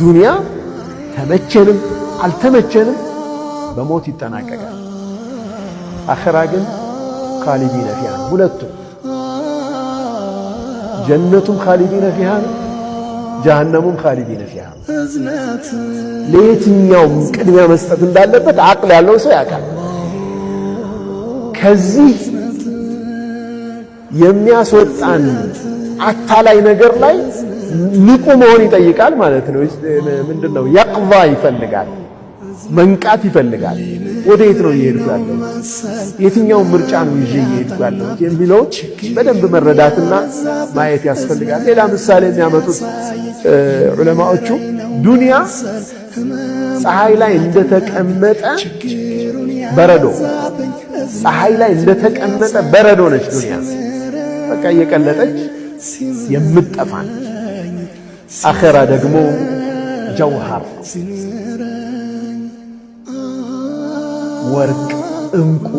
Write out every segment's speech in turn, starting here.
ዱንያ ተመቸንም አልተመቸንም በሞት ይጠናቀቃል። አኸራ ግን ካሊዲነ ፊሃ ሁለቱም ጀነቱም ካሊዲነ ፊሃ ጀሃነሙም ካሊዲነ ፊሃ። ለየትኛውም ቅድሚያ መስጠት እንዳለበት አቅል ያለው ሰው ያውቃል። ከዚህ የሚያስወጣን አታላይ ነገር ላይ ንቁ መሆን ይጠይቃል ማለት ነው። ምንድን ነው የቅቫ ይፈልጋል፣ መንቃት ይፈልጋል። ወደየት ነው እየሄድኩ ያለሁት? የትኛውን ምርጫ ነው ይዤ እየሄድኩ ያለሁት የሚለውች በደንብ መረዳትና ማየት ያስፈልጋል። ሌላ ምሳሌ የሚያመጡት ዑለማዎቹ ዱንያ ፀሐይ ላይ እንደተቀመጠ በረዶ ፀሐይ ላይ እንደተቀመጠ በረዶ ነች ዱንያ በቃ እየቀለጠች የምትጠፋ አኸራ ደግሞ ጀውሃር ወርቅ እንቁ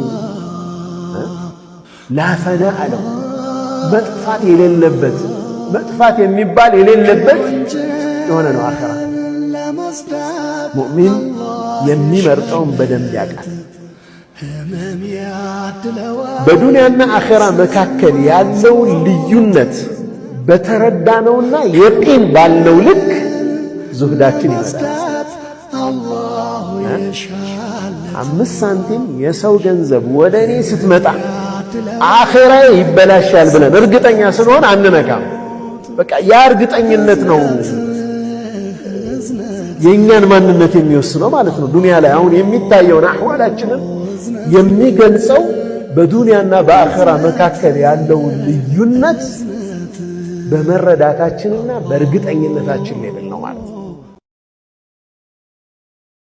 ላፈና አለው መጥፋት የሌለበት መጥፋት የሚባል የሌለበት የሆነ ነው። አኸራ ሙእሚን የሚመርጠውን በደንብ ያውቃል። በዱንያና አኼራ መካከል ያለውን ልዩነት በተረዳነውና የቂን ባለው ልክ ዙህዳችን ይመጣል። አምስት ሳንቲም የሰው ገንዘብ ወደ እኔ ስትመጣ አኼራዬ ይበላሻል ብለን እርግጠኛ ስንሆን አንነካም። በቃ ያ እርግጠኝነት ነው። የእኛን ማንነት የሚወስነው ማለት ነው። ዱንያ ላይ አሁን የሚታየውን አህዋላችንን የሚገልጸው በዱንያና በአኸራ መካከል ያለውን ልዩነት በመረዳታችንና በእርግጠኝነታችን ሌብል ነው ማለት ነው።